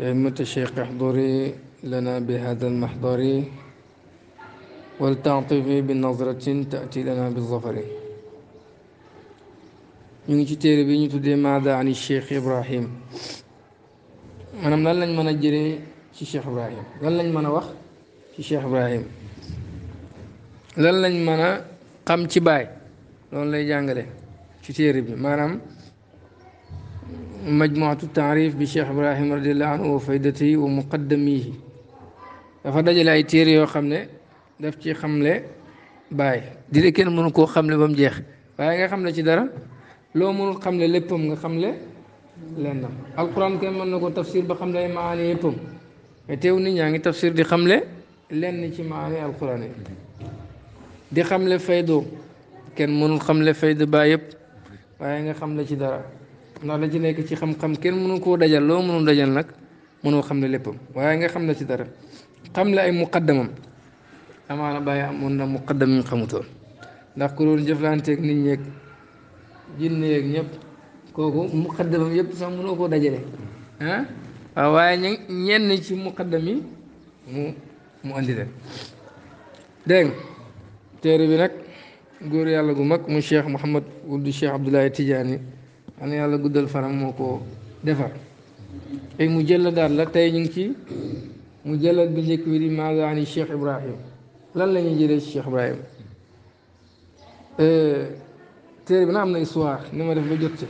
يا أمة الشيخ احضري لنا بهذا المحضر ولتعطفي بنظرة تأتي لنا بالظفر ينجي تيري تدي ماذا عن الشيخ إبراهيم أنا من لن من أجري الشيخ إبراهيم لن لن من وخ الشيخ إبراهيم لن لن من قمت باي لن لن جانجلي تيري بي مانام مجموعة التعريف بشيخ إبراهيم رضي الله عنه وفائدته ومقدميه فرج لا يتير يو خمنة دفتي خملة باي دي لكن من كو خملة بمجيخ باي غا خملة چدارا لو من خملة لبهم غا خملة لنا القرآن كم من كو تفسير بخملة معاني يبهم يتيو نيجاني تفسير دي خملة لن نيجي معاني القرآن دي خملة فايدو كان من خملة فايدو بايب باي غا خملة چدارا ndax la ci nekk ci xam-xam kenn mënu koo dajal loo mënul dajal nag mënoo xam ne léppam waaye nga xam ne ci dara xam la ay muqaddamam amaana bàyyi amoon na muqaddam ñu xamutoon ndax ku doon jëflanteeg nit ñeeg jinne yeeg ñëpp kooku muqaddamam yëpp sax mënoo koo dajale ah waaw waaye ñu ñenn ci muqaddam yi mu mu andi leen dégg nga téere bi nag góor yàlla gu mag mu cheikh Mouhamad wuldu cheikh Abdoulaye Tidiane am yàlla guddal faram moo ko defar tey mu jëla daat la tey ñu ngi ci mu jëla bi njëkk bi di maagaani Cheikh Ibrahim lan lañuy jëlee ci Cheikh Ibrahim euh, téere bi na am na histoire ni ma def ba jot ci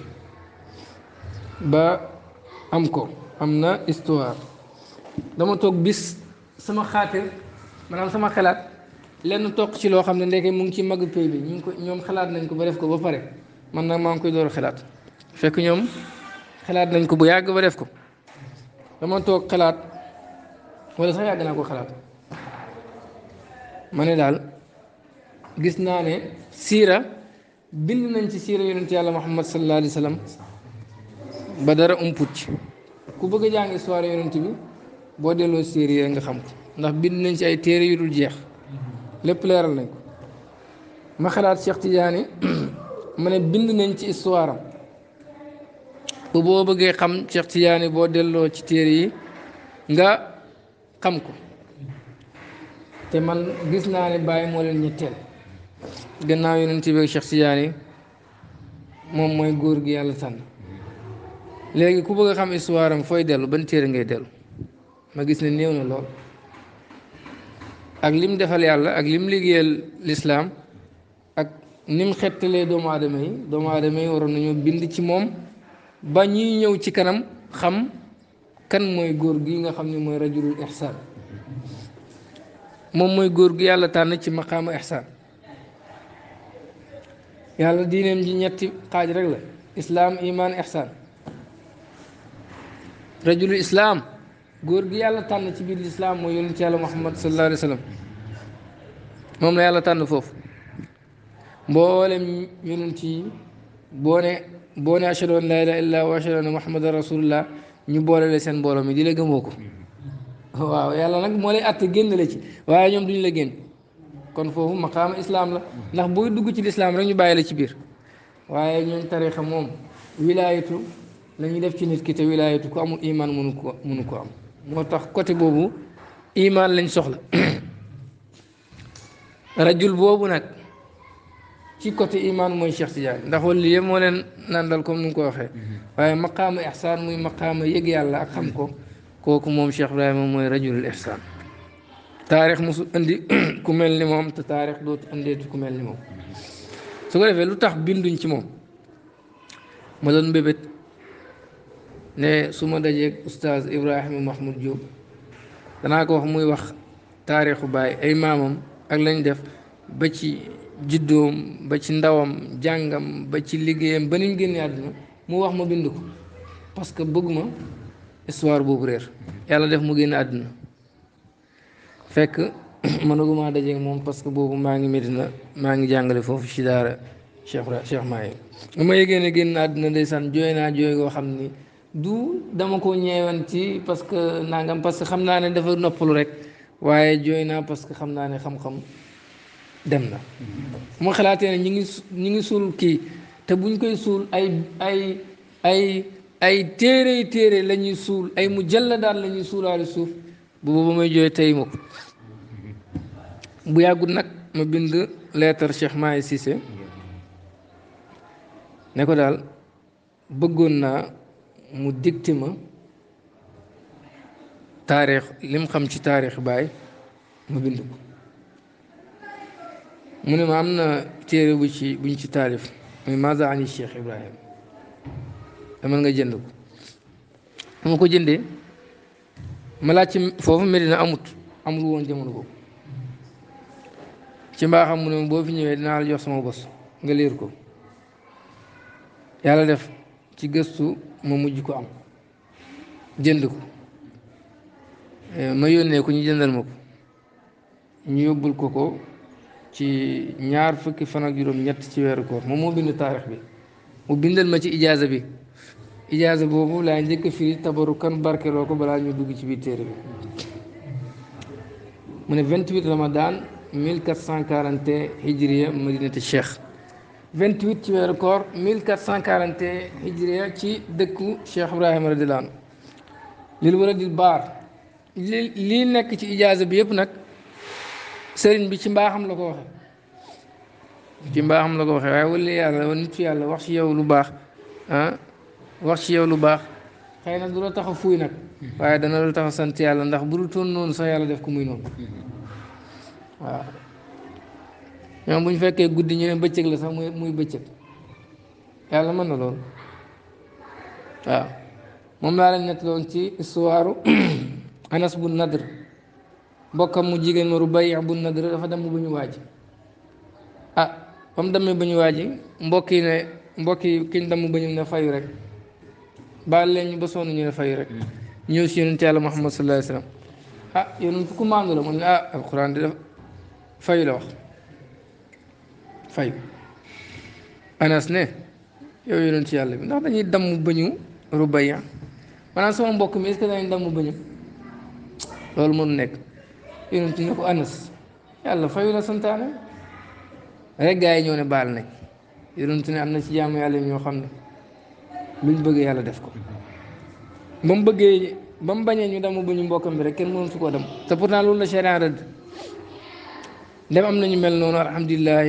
ba am ko am na histoire dama toog bis sama xaatir maanaam sama xalaat lenn toq ci loo xam ne ndeke mu ngi ci mag pay bi ñu ngi ko ñoom xalaat nañ ko ba def ko ba pare man nag maa ngi koy door a xalaat fekk ñoom xalaat nañ ko bu yàgg ba def ko dama toog xalaat wala sax yàgg naa ko xalaat ma ne daal gis naa ne siira bind nañ ci siira yonent yàlla muhammad sallallahu alayhi wa sallam ba dara umput ci ku bëgg a jàng histoire yonent bi boo delloo siira yi nga xam ko ndax bind nañ ci ay téere yu dul jeex lépp leeral nañ ko ma xalaat Cheikh Tidiane ma ne bind nañ ci histoire bu boo bëggee xam Cheikh Tidiane boo delloo ci téere yi nga xam ko te man gis naa ne bàyyi moo leen ñetteel gannaaw yonent bi ak Cheikh Tidiane moom mooy góor gi yàlla tànn léegi ku bëgg a xam histoire fooy dellu ban téere ngay dellu ma gis ne néew na lool ak lim defal yàlla ak lim liggéeyal lislaam ak nim xettalee doomu aadama yi doomu aadama yi waroon nañu bind ci moom ba ñuy ñëw ci kanam xam kan mooy góor gi nga xam ne mooy rajulul ihsaan moom mooy góor gi yàlla tànn ci maqaama ihsaan yàlla diineem ji ñetti xaaj rek la islaam iman ihsaan rajulul islaam góor gi yàlla tànn ci biir islaam mooy yonent yàlla muhammad sallallahu alayhi moom la yàlla tànn foofu mboolem yonent yi boo ne boo ne ashhadu an laa ilaaha illa wa ashhadu anna muhammadan rasulullah ñu boole la seen mbooloo mi di la gëmoo ko waaw yàlla nag moo lay atte génn la ci waaye ñoom duñu la génn kon foofu maqaama islaam la ndax booy dugg ci lislaam rek ñu bàyyi la ci biir waaye ñooñ tarixa moom wilaayatu la ñuy def ci nit ki te wilaayatu ku amul iman mënu ko mënu ko am moo tax côté boobu iman lañ soxla rajul boobu nag ci côté iman mooy Cheikh Tidiane ndax wala yëpp moo leen nandal comme ni mu ko waxee mm-hmm. waaye maqaama ihsaan muy maqaama yëg yàlla ak xam ko kooku moom Cheikh Ibrahima mooy rajulul ihsaan taarix mosu indi ku ni moom te taarix dootu indeetu ku ni moom su ko defee lu tax binduñ ci moom ma doon mbébét ne su ma dajeeg oustaz Ibrahima Mahmoud Diop danaa ko wax muy wax taarixu baay ay maamam ak lañ def ba ci juddoom ba ci ndawam jàngam ba ci liggéeyam ba niñ génnee àdduna mu wax ma bind ko parce que ma histoire boobu réer yàlla def mu génn àdduna fekk mënaguma dajeeg moom parce que boobu maa ngi Medina maa ngi jàngale foofu ci daara Cheikh Cheikh Maye bu ma yëgee ne génn àdduna ndeysaan jooy naa jooy goo xam ni du dama ko ñeewan ci parce que nangam parce que xam naa ne dafa noppalu rek waaye jooy naa parce que xam naa ne xam-xam dem na bu ma xalaatee ne ñu ngi suul kii te buñ koy suul ay ay ay ay téere téere lañuy suul ay mu mujalladaat la daal lañuy suulaale suuf bu booba may jooy tey ko bu yàggut nag ma bind lettre Cheikh Mahi Cissé ne ko daal bëggoon naa mu dikti ma taarix lim xam ci taarix baay ma bind ko mu ne ma am na téere bu ci buñ ci taalif muy maza ani Cheikh Ibrahim demal nga jënd ko dama ko jëndee ma laaj ci foofu Medina amut amul woon jamono boobu ci mbaaxam mu ne boo fi ñëwee dinaa la jox bos nga liir ko yàlla def ci gëstu ma mujj ko am jënd ko eh, ma yónnee ko ñu jëndal ma ko ñu yóbbul ko ko ci ñaar fukki fan ak juróom-ñett ci weeru koor moom moo bind taarix bi mu bindal ma ci ijaaza bi ijaaza boobu laa njëkk a firi tabarukan barkeloo ko balaa ñu dugg ci biir téere bi mu ne 28 Ramadan 1441 hijriya madinati Cheikh 28 ci weeru koor 1441 hijriya ci dëkku Cheikh Ibrahima radiallahu lil wala dil baar li nekk ci ijaaza bi yëpp nag. sëriñ bi ci mbaaxam la ko waxe ci mbaaxam la ko waxee waaye wala yàlla nitu wax ci yow lu baax ah wax ci yow lu baax xëy na du la tax fuuy nag waaye dana la tax sant yàlla ndax bu dul toon sax yàlla def ko muy noonu waaw ñoom bu ñu fekkee guddi ñu bëccëg la sax muy muy bëccëg yàlla mën na loolu waaw moom laa leen nekk loon ci istuwaaru anas bu nadr mbokkam mu jigéen ma Rubayya bu Nadr dafa dem ba ñu waaj ah ba mu demee ba ñu waaj mbokk yi ne mbokk yi kiñ dem ba ñu rek ba sonn ñu ne fayu rek ñëw si yonent yàlla Muhammad sallallahu alayhi wa sallam ah yonent ku maandu la ah, ndax dañuy damm ba ñu sama mbokk mi est-ce que loolu mënu nekk. yonent ne ko anas yàlla fayu la santaane rek gaa yi ñëw ne baal nañ yonent ne am na ci jaamu yàlla yi ñoo xam ne luñ bëgg yàlla def ko ba mu bëggee ba mu bañee ñu damm bu ñu mbokkam bi rek kenn mënu su koo dem te pourtant loolu la sharia rëdd dem am nañu mel noonu alhamdulilah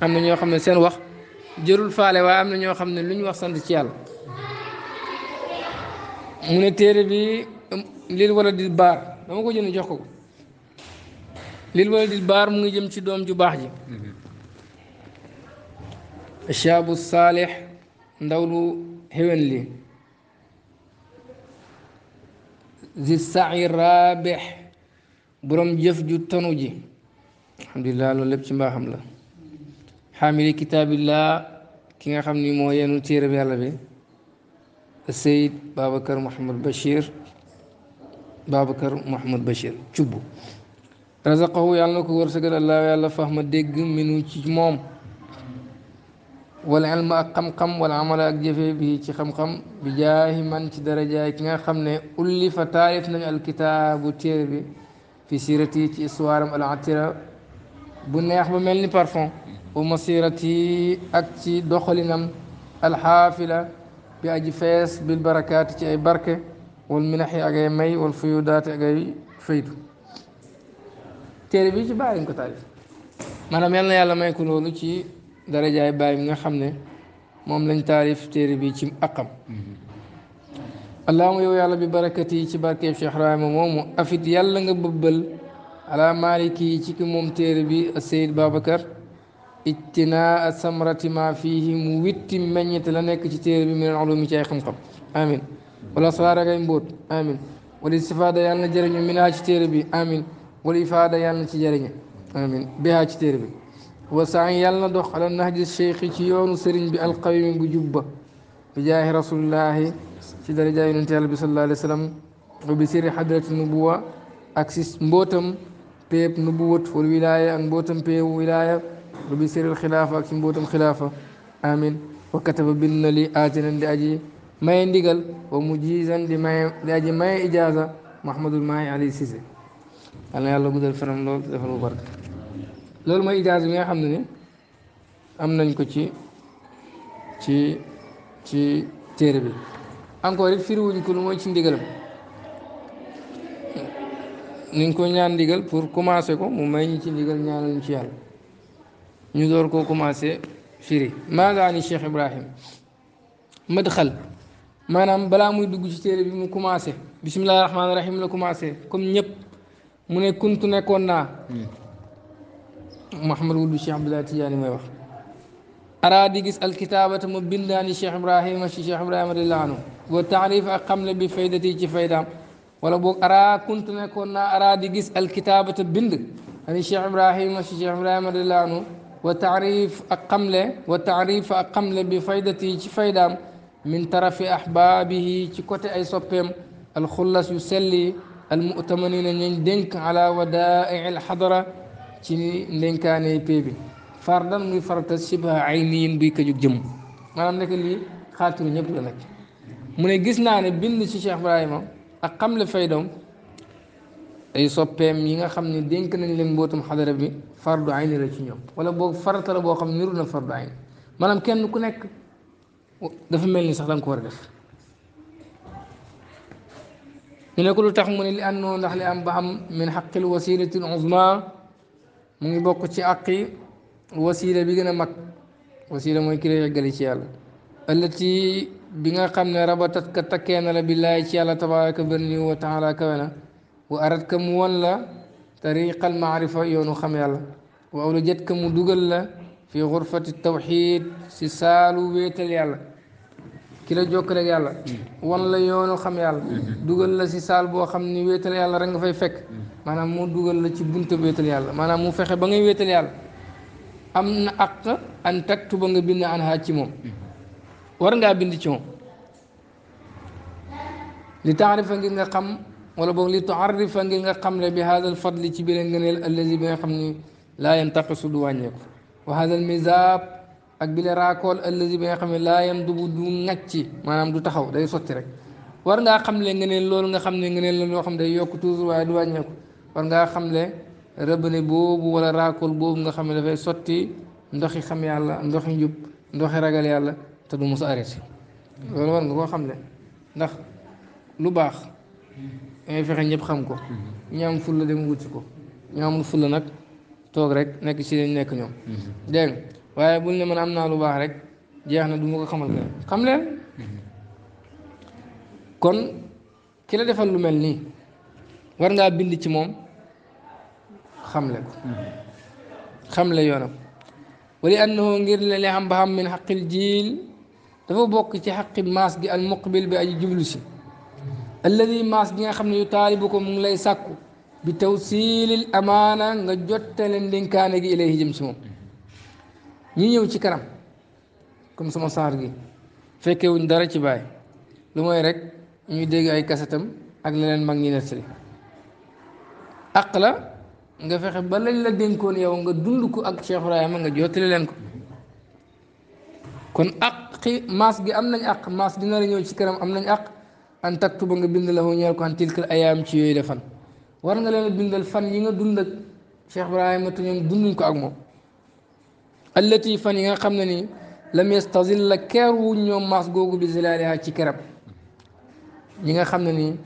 am na ñoo xam ne seen wax jërul faale waaye am na ñoo xam ne lu ñu wax sant ci yàlla mu ne téere bi lil wala di baar dama ko jënd jox ko lil wala di baar mu ngi jëm ci doom ju bax ji ashabu salih ndawlu hewen li zi sa'i rabih borom jëf ju tanu ji alhamdulilah loolu lépp ci mbaaxam la xaamili kitabillah ki nga xamni mo yenu téere bi yàlla bi sayid بابكر محمد بشير Babacar Mouhamad Bachir cubb razaqahu yàlla na ko wërsëgal allah yàlla fahma dégg minu ci moom wala ilma ak xam-xam wala amala ak jëfe bi ci xam-xam bi jaahi man ci darajaay ki nga xam ne ulli fa taarif nañu alkitaabu téere bi fi siirati ci histoire am al atira bu neex ba mel ni parfum wa masirati ak ci doxalinam alxaafila bi aji fees bil barakaati ci ay barke والمنح أجاي مي والفيودات أجاي فيدو تربيش بايم كتاري ما نعم يلا يلا ما يكون لولو كي درجة بايم نخمنا مم لن تعرف تربيش أقم اللهم يو يلا ببركتي تبارك في شهرها مم أفيد يلا نببل على مالك يجيك مم تربي السيد بابكر اتنا السمرة ما فيه موت من يتلنك تربي من العلوم تاي خمقم آمين والأسرار غير مبوت آمين والاستفادة يالنا جيرني من هاج تيري بي آمين والإفادة يالنا سي جيرني آمين بها تيري بي وسعي يالنا دوخ على النهج الشيخ تيون سرين بالقويم بجوبا بجاه رسول الله سي درجه تدرجة ينتهي صلى الله عليه وسلم وبسر حضرة النبوة أكسس مبوتم بيب نبوة والولاية أن بوتم بي ولاية وبسر الخلافة أكسس مبوتم خلافة آمين وكتب بن لي دي اجي maye ndigal wa mujizan di maye di aji maye ijaaza Mouhamadul Mahi Ali Cissé yal yàlla guddal fanam lool defal ko barke loolu mooy ijaaza bi nga xam ne ni am nañ ko ci ci ci téere bi encore it firiwuñ ko lu mooy ci ndigalam niñ ko ñaan ndigal pour commencer ko mu may ñu ci ndigal ñaanal ñu ci yàlla ñu door ko commencer firi maada ani Cheikh Ibrahim madxal manam bala muy dugg ci téré bi mu commencé bismillahir rahmanir rahim la commencé comme ñep mu ne kuntu nekkoon na Mouhamad wuldu Cheikh Abdoulaye Tidiane may wax ara di gis al alkitaabata mu bindani Cheikh ibrahim ci Cheikh ibrahim radiyallaahu anhu wa ta'rif ak bi faydati ci faydaam wala bok ara kuntu nekkoon na ara di gis al alkitaabata bind ani Cheikh ibrahim ci Cheikh ibrahim radiyallaahu anhu wa ta'rif ak wa ta'rif ak bi faydati ci faydaam min tarafi ahbaabihi ci côté ay soppeem alxullas yu selli almutamaniina ñañ dénk ala wadaa'i alxadara ci ndénkaane pee bi fardan muy farata sibha ayniin buy këjug jëm maanaam nekk lii xaaturu ñëpp la nag mu ne gis naa ne bind ci Cheikh Ibrahima ak xamle faydom ay soppeem yi nga xam ne dénk nañ leen mbootum xadara bi fardu ayni la ci ñoom wala boog farata la boo xam niru na fardu ayni maanaam kenn ku nekk dafa mel ni sax da nga ko war a def ñu ne ko lu tax mu ne li àndoon ndax li am ba am min xaqil wasilatil uzma mu ngi bokk ci àqi wasila bi gën a mag wasila mooy ki lay yeggali ci yàlla ëllëti bi nga xam ne rabatat ka takkee na la billaahi ci yàlla tabaraka berni wa taala kawe na wa arat ka mu won la tariqal maarifa yoonu xam yàlla wa awla jët ka mu dugal la في غرفة التوحيد سيسالو بيت اليال كلا جوك رجع الله وان لا يون الخم يال دوغل لا سيسال بو خم ني بيت اليال رنغ في فك مانا مو دوغل لا تبنت بيت اليال مانا مو فخ بعدي بيت اليال أم أق أن تكتب عن بين أن هاتيمو ورنغا بين تيمو لتعرف عن قم ولا بقول لتعرف عن قم لبهذا الفضل تبين عن الذي بين خم لا ينتقص دوانيكو وهذا المزاب ak bi la raakool ëllëg bi nga xam ne laa yam du du ŋàcc maanaam du taxaw day sotti rek war ngaa xam le ngeen loolu nga xam ne ngeen la loo xam ne day yokk toujours waaye du wàññeeku war ngaa xam le rëbëne boobu wala raakool boobu nga xam ne dafay sotti ndoxi xam yàlla ndoxi njub ndoxi ragal yàlla te du mos a arrêté loolu war nga koo xam le ndax lu baax dangay fexe ñëpp xam ko ñi am fulla dem wuti ko ñi amul fulla nag toog rek nekk ci lañ nekk ñoom dégg waaye buñ ne man am naa lu baax rek jeex na du ma ko xamal kenn xam leen kon ki la defal lu mel nii war ngaa bind ci moom xamle ko xamle yoonam wali annahu ngir la li xam ba xam min xaqil jiil dafa bokk ci xaqi maas gi al muqbil bi aji jublu si alladi maas gi nga xam ne yu taalibu ko mu ngi lay sàkku bi tawsilil amaana nga jottale ndénkaane gi ilayhi jëm si moom ñi ñëw ci kanam comme sama saar gi fekkewuñ dara ci baay lu mooy rek ñuy dégg ay kasetam ak leneen mag ñi nettali àq la nga fexe ba lañ la dénkoon yow nga dund ko ak Cheikh Ibrahima nga jottali leen ko kon àq maas gi am nañ àq maas dina la ñëw ci kanam am nañ àq an taktuba nga bind la ñeel ko am tilkal ayaam ci yooyu defan war nga leen a fan yi nga dund ak Cheikh Ibrahima te ñoom dunduñ ko ak moom allati fan yi nga xam ne ni lam yastazil la keer wu ñoom maas googu bi zilaaliha ci keram ñi nga xam ne ni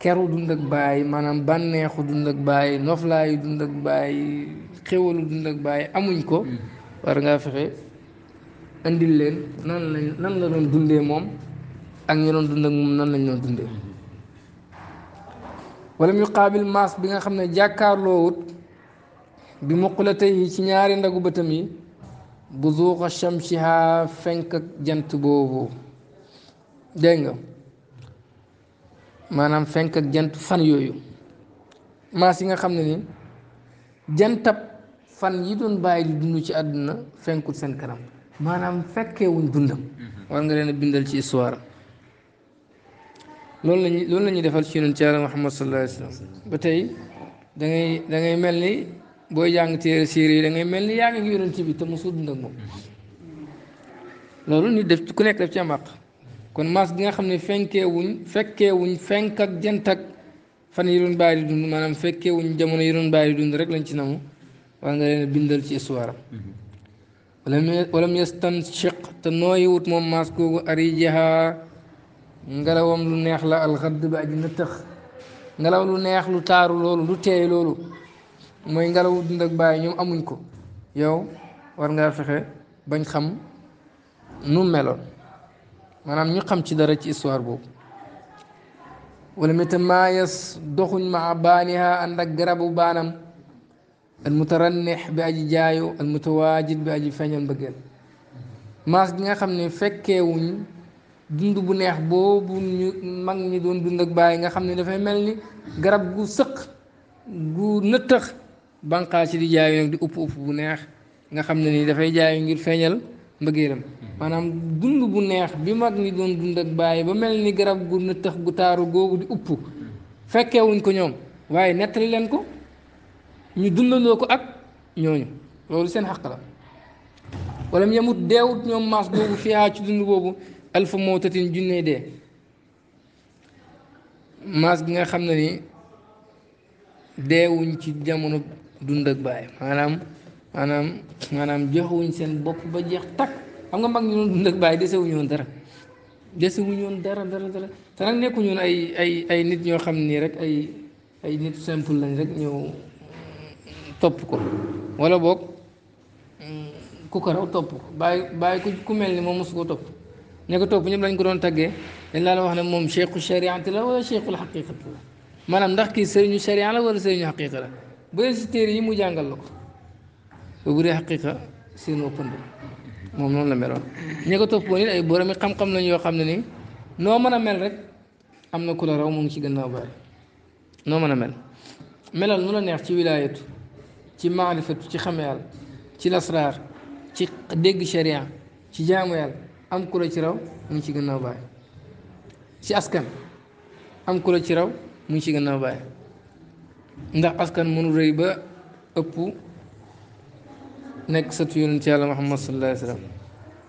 keru dund ak bàyyi maanaam bànneexu dund ak bàyyi noflaayu dund ak bàyyi xéwalu dund bàyyi amuñ ko war ngaa fexe indi leen nan la doon dundee moom ak ñu doon dund moom nan lañ doon dundee wala mu qaabil maas bi nga xam ne jàkkaarloowut bi muqulatay tey ci ñaari ndagu bëtam yi bu zuuqa shamsiha fenk ak jant boobu dégg nga maanaam fenk ak jant fan yooyu maas yi nga xam ne ni jantab fan yi doon bàyyi di dund ci àdduna fenkut seen kanam maanaam fekkewuñ dundam mm-hmm. war nga leen a bindal ci histoire loolu la ñuy loolu la defal ci yonent Yàlla Muhammad sallallahu alayhi wa ba tey dangay dangay mel ni booy jàng téere siir yi da ngay mel ni yaa ngi yonent bi te mosul dund ak moom loolu nit def ku nekk def ci am kon mas gi nga xam ne fenkee fekkewuñ fekkee wuñ fenk ak jant ak fan yi doon bàyyi di dund maanaam fekkee jamono yi doon di dund rek lañ ci namu war nga leen bindal ci histoire am mhm. wala mu yestan chiq te nooyi wut moom mas googu ari ngelawam lu neex la al alxadd ba aji nëttëx ngelaw lu neex lu taru lolou lu tey lolou moy ngelawu dund ak bàyyi ñoom amuñ ko yow war nga fexe bañ xam nu melo manam ñu xam ci dara ci histoire boobu wala mutamaayas doxuñ ma baaniha ànd ak garabu banam al mutarannex bi aji jaayu al mutawaajid bi aji feeñal mbëggeel maas gi nga xam ne fekkeewuñ dund bu neex boobu ñu mag ñi doon dund ak bàyyi nga xam ne dafay mel ni garab gu sëq gu nëtëx banqaas yi di jaayu nag di upp upp bu neex nga xam ne nii dafay jaayu ngir feeñal mbëggeeram maanaam dund bu neex bi mag ñi doon dund ak bàyyi ba mel ni garab gu nëttëx gu taaru googu di upp fekkewuñ ko ñoom waaye nettali leen ko ñu dundandoo ko ak ñooñu loolu seen xaq la wala ci dund boobu moo mawtatin junne dee maas gi nga xam ne ni deewuñ ci jamono dund ak bàyyi maanaam maanaam maanaam joxewuñ seen bopp ba jeex takk xam nga mag ñu doon dund ak bàyyi desewuñu dara desewuñu woon dara dara dara te nag nekkuñu ay ay ay nit ñoo xam nii rek ay ay nit simple lañ rek ñëw topp ko wala boog mm, ku ko raw topp ko bàyyi bàyyi ku mel ni moom mosu ko topp ña ko topp ñëpp lañ ko doon taggee dañ laa la wax na moom cheikhu chariante la wala cheikhul xaqiqat la maanaam ndax kii sëriñu charia la wala sëriñu xaqiqa la bu dee si téere yi mu jàngal la ko bu dee xaqiqa seen ëppand moom noonu la meloon ña ko topp woon it ay boromi xam-xam lañ yoo xam ne nii noo mën a mel rek am na ku la mu ngi ci gannaaw bari noo mën a mel melal nu a neex ci wilaayatu ci maarifatu ci xame yàlla ci lasraar ci dégg charia ci jaamu yàlla am ku ci raw mu ngi ci gannaaw baay ci askan am ku ci raw mu ngi ci gannaaw baay ndax askan mënu rëy ba ëpp nekk sëtu yonent yàlla Muhammad sallallahu alayhi wa sallam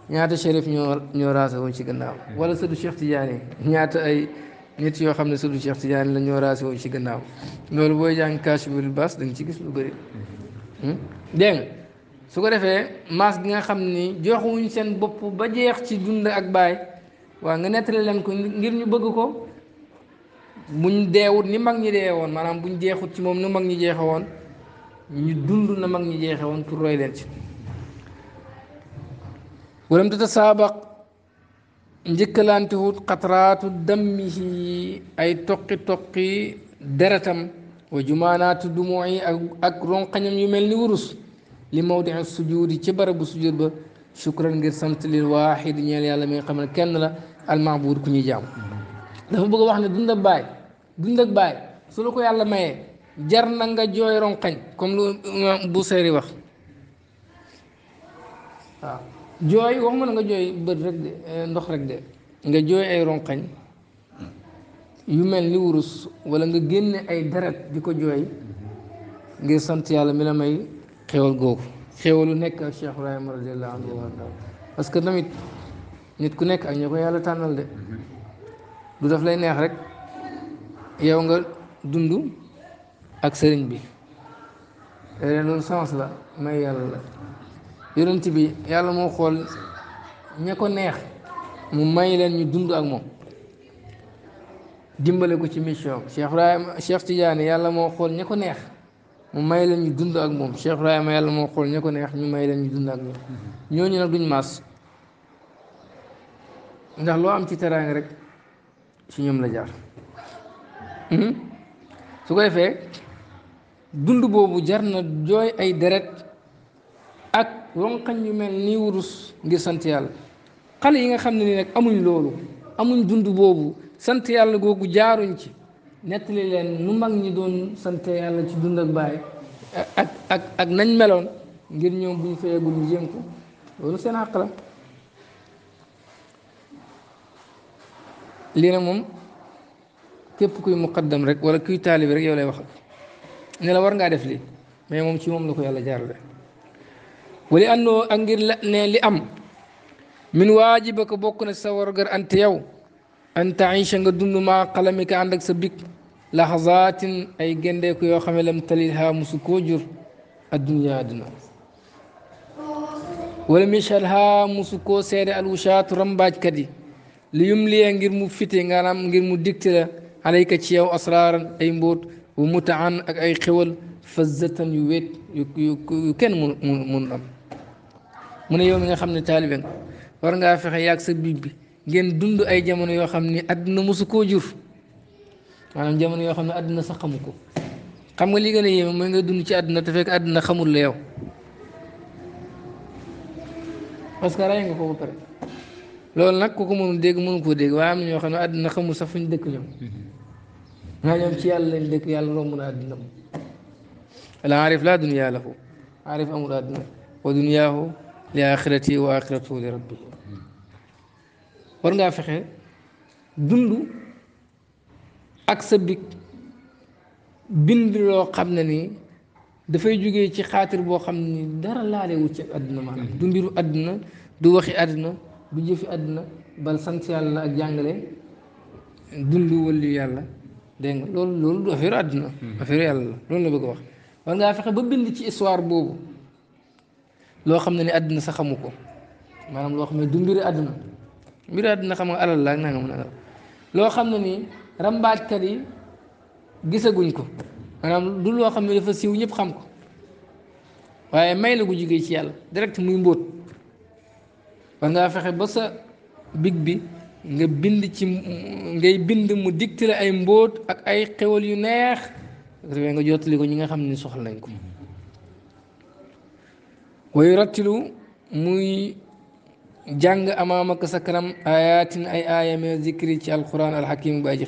ñaata shérif ñoo ñoo raase woon ci gannaaw wala sëtu Cheikh Tidiane ñaata ay nit yoo xam ne sëtu Cheikh Tidiane la ñoo raase woon ci gannaaw loolu booy jàng Kaashiful Libaas da nga ci gis lu bari hmm? dégg su ko defee maas gi nga xam ni joxuwuñ seen bopp ba jeex ci dund ak baay waaw nga nettali leen ko ngir ñu bëgg ko buñ deewut ni mag ñi dee woon maanaam ñu jeexut ci moom nu mag ñi jeexe woon ñu dund na mag ñi jeexe woon pour roy leen ci walam tatasaabaq njëkkalante wut xatraatu dammihi ay toqi toqi deretam wa jumaanaatu dumuyi ak ak ronqañam yu mel ni wurus li mawdi sujudi ci barabu sujud ba shukran ngir sant lil waaxid ñeel yàlla mi nga xam ne kenn la almaabuud ku ñuy jaam dafa bëgg wax ne dund ak baay dund ak baay su la ko yàlla mayee jar na nga jooy ronqañ comme lu imaam Buseyri wax waaw jooy waxuma nga jooy bët rek de ndox rek de nga jooy ay ronqañ yu mel ni wurus wala nga génne ay deret di ko ngir sant yàlla mi la may xéwal googu xéwalu nekk ak Cheikh Ibrahima radiallahu anhu wa parce que tamit nit ku nekk ak ñoo ko yàlla tànnal de du daf lay neex rek yow nga dund ak sëriñ bi léeg-léeg eh, loolu sens la may la yonent bi yàlla moo xool ña ko neex mu may leen ñu dund ak moom dimbale ko ci mission Cheikh Ibrahima Cheikh Tidiane yàlla moo xool ñu ko neex mu may la ñu dund ak moom Cheikh Ibrahima yàlla moo xool ña ko neex ñu may la ñu dund ak ñoom ñu nag duñ mas ndax loo am ci teraanga rek ci ñoom la jaar hmm? su ko defee dund boobu jar na jooy ay deret ak ronqañ yu mel nii wurus ngir sant yàlla xale yi nga xam ne nii nag amuñ loolu amuñ dund boobu sant yàlla googu jaaruñ ci nettali leen nu mag ñi doon sante yàlla ci dund ak baay nañ meloon ngir ñoom bu ñu fayagul ñu jéem seen àq la lii nag moom képp kuy muqaddam rek wala kuy taalibi rek yow lay wax ne la war ngaa def li mais moom ci moom la ko yàlla jaarale wali àndoo ak ngir la ne li am min waajiba ko bokk na sa wargar ante yow an taisha nga dund maa xalamika ànd ak sa bik laxzaatin ay gendeeku yoo xam ne lam talilha musu koo jur addunya àdduna wala michalha musu koo seede alwucaatu rambaajkat yi li yum ngir mu fite ngaanaam ngir mu digte la alayka ci yow asraaran ay mboot wa mutaan ak ay xewal fazatan yu wéet yu kenn mun mun am mu ne yow mi nga xam ne taalibe war ngaa fexe yaag sa ngeen dund ay jamono yoo xam ni àdduna musu jur maanaam jamono yoo xam ne àddina sax xamu ko xam nga li gën a yéeme mooy nga dund ci àddina te fekk àddina xamul la yow parce que rey nga ko ba pare loolu nag ku ko mënul dégg mënu koo dégg waaye am na ñoo xam ne àddina xamul sax fu ñu dëkk ñoom nga ñoom ci yàlla lañ dëkk yàlla romb na àddina moom ala arif laa duniyaa lahu arif amul àddina wa duniyaahu li axirati wa axiratu li rabbi war ngaa fexe dund ak sa big bind loo xam ne nii dafay jóge ci xaatir boo xam ne ni dara laalewu ci àdduna maanaam du mbiru àdduna du waxi àdduna du jëfi àdduna bal sant yàlla ak jàngale dund wëllu yàlla dégg nga loolu loolu du affaire àdduna hmm. affaire yàlla la loolu la bëgg a wax war ngaa fexe ba bind ci histoire boobu loo xam ne ni àdduna sa xamu ko maanaam loo xam ne du mbiri àdduna mbiri àdduna xam nga alal la ak nangam nangam loo xam ne nii rambaajkat yi gisaguñ ko maanaam du loo xam ne dafa siw ñëpp xam ko waaye may la gu jógee ci yàlla direct muy mbóot war ngaa fexe ba sa big bi nga bind ci ngay bind mu digtale ay mbóot ak ay xewal yu neex nga jottali ko ñi nga xam ni soxla nañ ko wayu rattilu muy jàng amaamaka sa kanam ayatin ay aaya min zikri ci alquran alxakim bu aji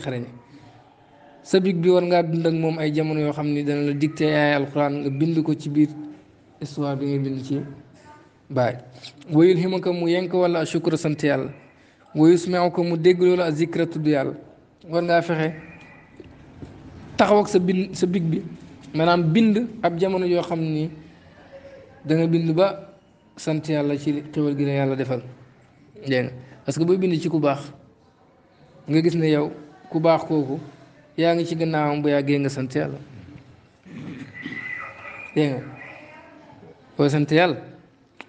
sa big bi war ngaa dund ak moom ay jamono yoo xam ni dana la dicté bind ko ci biir histoire bi bind ci baay mu yenk wala shukra sant yàlla mu dégg loolu a fexe taxaw ak sa bind sa jamono yoo xam ni bind ba sant yàlla ci xéwal gi la yàlla defal dégg nga parce que booy bind ci ku baax nga gis ne yow ku baax kooku yaa ngi ci gannaawam bu yàggee nga sant yàlla dégg nga boo sant yàlla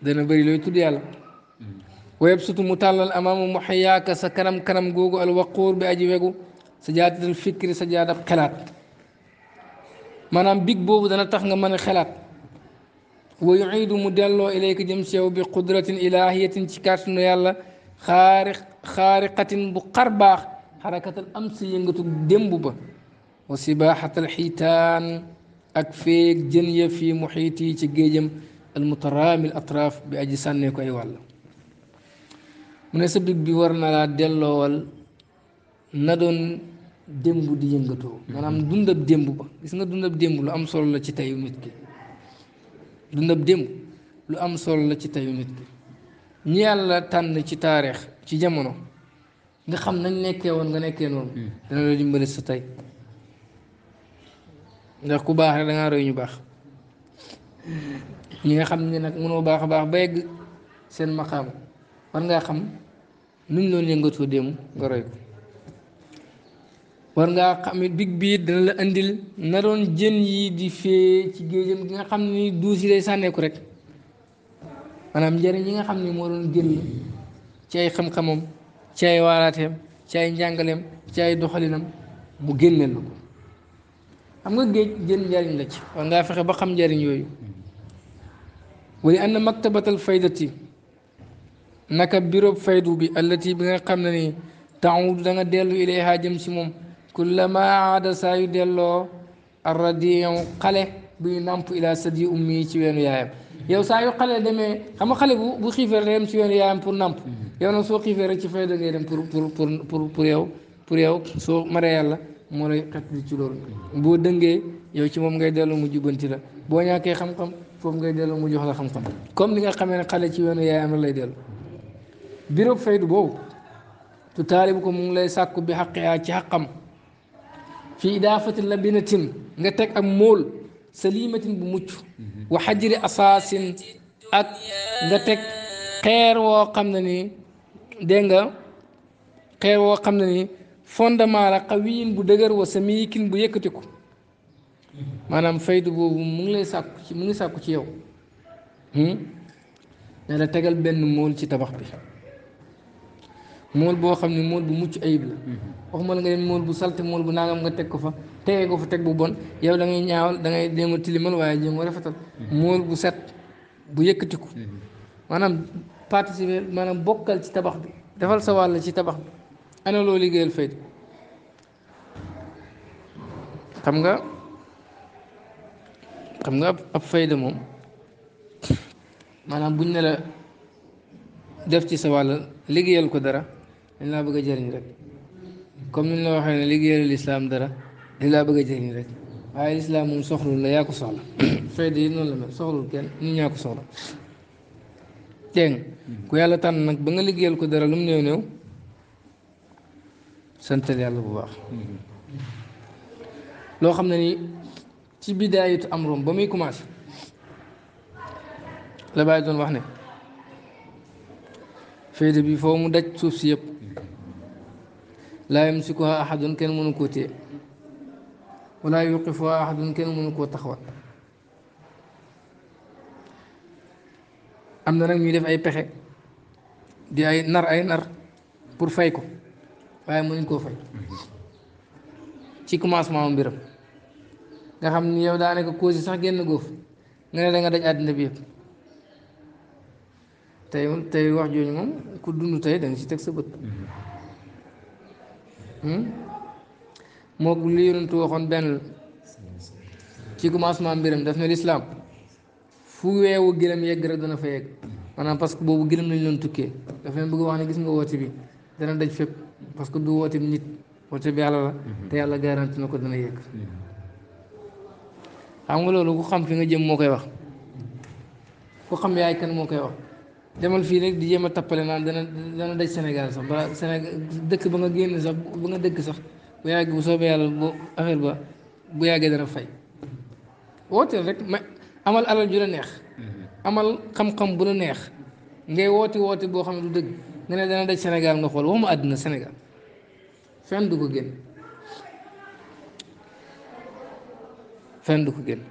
dana bëri looy tudd yàlla wayeb sutu mu tàllal amaama mu xayaaka sa kanam-kanam googu al waquur bi aji wegu sa jaadatal fikri sa jaadab xelaat maanaam big boobu dana tax nga mën a ويعيد مدلو إليك جمسيو بقدرة إلهية تكاس نيالا خارق خارقة بقربة حركة الأمس ينقط الدمبوبة وسباحة الحيتان أكفيك جنية في محيطي تجيجم المترامي الأطراف بأجسان نيكو أي والله مناسب لك بيورنا لا دلو ندون ديمبو دي ينغتو مانام دوندب ديمبو با غيس نغ دوندب ديمبو لو ام dundab démb lu am solo la ci teyu nit ñi yàlla tànn ci taarix ci jamono nga xam nañ nekkee woon nga nekkee noonu hmm. dana la dimbali sa tey ndax ku baax rek da ngaa ñu baax ñi nga xam ni nag mënoo baax a baax ba yegg seen maqaam war ngaa xam nuñ loolu yëngatoo démb nga roy war ngaa xam big bii dana la andil na doon jën yii di fee ci géejam gi nga xam ni duus yi sànneeku rek maanaam njëriñ yi nga xam ni moo doon génn ci ay xam-xamam ci ay waaraateem ci ay njàngaleem ci ay doxalinam mu génneel na ko xam nga géej jën njëriñ la ci war nga fexe ba xam njariñ yooyu am ann maktabatal faydati naka birob faydu bi allati bi nga xam ne ni taawud da dellu ilayha jëm si moom كلما عاد سيد الله الرديع قلق بينام إلى سدي أمي تيوان يايم يا سايو قلق دمي خما قلق بو خيفر ريم تيوان يايم بور نام يو نسو خيفر ريم تيوان يايم بور بور بور بور يو بور يو سو مريا الله مولاي قتل تلور بو دنجي يو تيوان مغاي دلو مجو بنتلا بو نياكي خم خم فوم غاي دلو مجو خلا خم خم كم نيغا خمين قلق تيوان يايم اللي دلو بيروب فايد بو تطالبكم مولاي ساكو بحقها تحقم في إضافة لبنة نتك أمول سليمة بمجو وحجر أساس أك نتك خير وقمنني دينغا خير وقمنني فوند مالا قويين بدغر وسميكين بيكتكو مانام فايد بو مونغلي ساكو مونغي ساكو تيو هم نالا تغل بن مول تي تبخ بي mool boo xam ne mool bu mucc ayib la mhm. waxuma nga dem mool bu salte mool bu nangam nga teg ko fa tegee ko fa teg bu bon yow da ngay ñaawal dangay ngay déema tilimal waaye jéem a rafetal mhm. mool bu set bu yëkkatiku mhm. maanaam participer maanaam bokkal ci tabax bi defal sa wàll ci tabax bi ana loo liggéeyal fayda xam nga xam nga ab fayda moom maanaam buñ ne la def ci sa wàll liggéeyal ko dara إلا بغا جيرن رك كوم نلا واخا ليغيال الاسلام دارا إلا بغا جيرن رك واي الاسلام موم سوخلو لا ياكو سوخلا فيد يي نون لا مي سوخلو كين ني نياكو سوخلا تين كو يالا تان نك بغا ليغيال كو دارا لوم نيو نيو سنتال يالا بو باخ لو خامن ني تي بدايه امرهم بامي كوماس لا بايدون واخني فيد بي فو مو دج سوف سي يب laa yamsikuha ahadun kenn mënu koo téye wala yuqifuha ahadun kenn mënu koo taxawal am na nag ñuy def ay pexe di ay nar ay nar pour fay ko waaye mënuñ koo fay ci commencement mbiram nga xam ni yow daanaka cause yi sax génn góof nga ne danga nga daj àddina bi yëpp tey tey wax jooju moom ku dund tey da ci teg sa bët Hmm? moo li yonentu waxoon benn la ci commencement mbiram daf ne lislaam fu weewu gëlëm yegg rek dana fa yegg manaam parce que boobu gëlëm lañ doon tukkee daf leen bëgg wax ne gis nga woote bi dana daj fépp parce que du woote bi nit woote bi yàlla la mhm. te yàlla garanti na ko dana yegg mhm. xam nga loolu ku xam fi nga jëm moo koy wax ku xam yaay kan moo koy wax demal fii rek di jéem a tappale naan dana dana daj Sénégal sax ba Sénégal dëkk ba nga génn sax ba nga dëkk sax bu yàgg bu soobee yàlla bu affaire ba bu yàggee dana fay wooteel rek ma amal alal ju la neex mm-hmm. amal xam-xam bu la neex ngay wooti wooti boo xam ne du dëgg nga ne dana daj Sénégal nga xool waxuma àddina Sénégal fenn du ko génn fenn du ko génn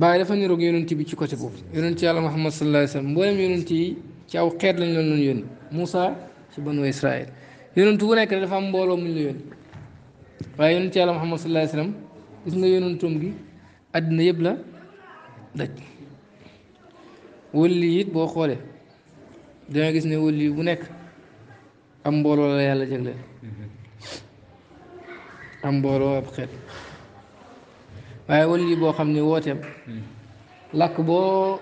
bàyyi dafa niroog yonent bi ci côté boobu yonent yàlla Muhammad sallallahu alayhi wa sallam mboolem yonent yi ci aw xeet lañ la doon yónni Moussa ci banu Israël yonent bu nekk dafa am mbooloo mu ñu la yónni waaye yonent yàlla Muhammad sallallahu alayhi wa sallam gis nga yonentoom gi àddina yëpp la daj wëlli boo xoolee danga gis ne wëlli bu nekk am mbooloo la yàlla jagleel mm-hmm. am mbooloo ab xeet. waaye wali boo xam ne wooteem làkk boo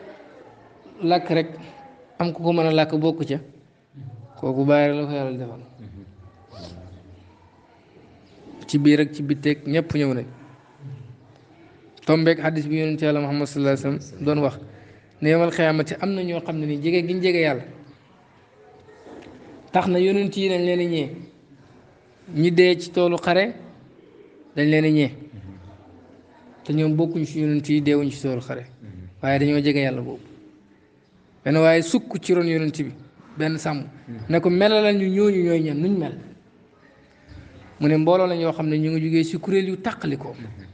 làkk rek am ku ko mën a làkk bokku ca kooku bàyyi rek la ko yàlla defal ci biir rek ci bitteeg ñëpp ñëw nañ tombeeg xaddis bi yonent yàlla Muhammad sallallahu alayhi wasallam doon wax ne yomal xiyaamati am na ñoo xam ne nii jege giñ jege yàlla tax na yonent yi dañ leen a ñee ñi dee ci toolu xare dañ leen a ñee te ñoom bokkuñ ci yonent yi deewuñ ci toolu xare mm-hmm. waaye dañoo jege yàlla boobu benn waaye sukk ci ron yonent bi benn sàmm mm-hmm. ne ko melalal ñu ñooñu ñooy ñan nuñ mel mu ne mbooloo la ñoo xam ne ñu ngi jógee ci kuréel yu tàqalikoo mm-hmm.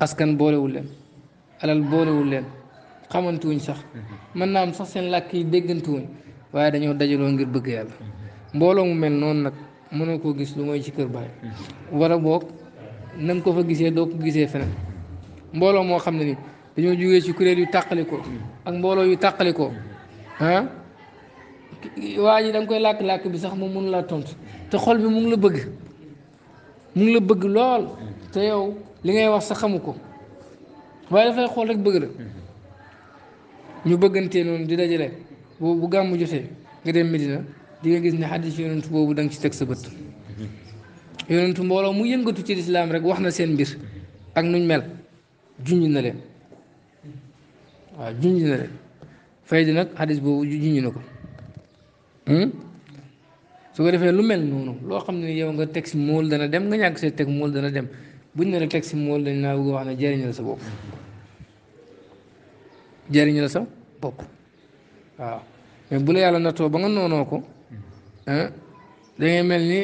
askan boolewul leen alal boolewul leen xamantuwuñ sax mën naa am sax seen làkk yi déggantuwuñ waaye dañoo dajaloo ngir bëgg yàlla mbooloo mu mel noonu nag mënoo koo gis lu mooy ci kër baay wala boog na ko fa gisee doo ko gisee feneen mbolo mo xam ni dañu jógee ci kuréel yu takaliko ak mbolo yu takaliko han waa dang koy lak lak bi sax mo mënu la tont te xol bi mu ngi la bëgg mu ngi la bëgg lool te yow li ngay wax sax xamuko ko waaye dafay xool rek bëgg la ñu bëggante non di dajale bu bu gamu jotté nga dem Medina di nga gis ni hadith yonentu bobu dang ci tek sa bëtt yonentu mbolo mu yëngatu ci l'islam rek wax na seen mbir ak nuñ mel junj na leen waaw junj na leen faydi nag xadis boobu junj na ko hmm? su ko defee lu mel noonu loo xam ne yow nga teg si mool dana dem nga ñàkk see teg mool dana dem buñ ne la teg si mool dañ naa bëgg wax ne jëriñal sa bopp la sa bopp waaw mais bu la yàlla nattoo ba nga noonoo ko da mel ni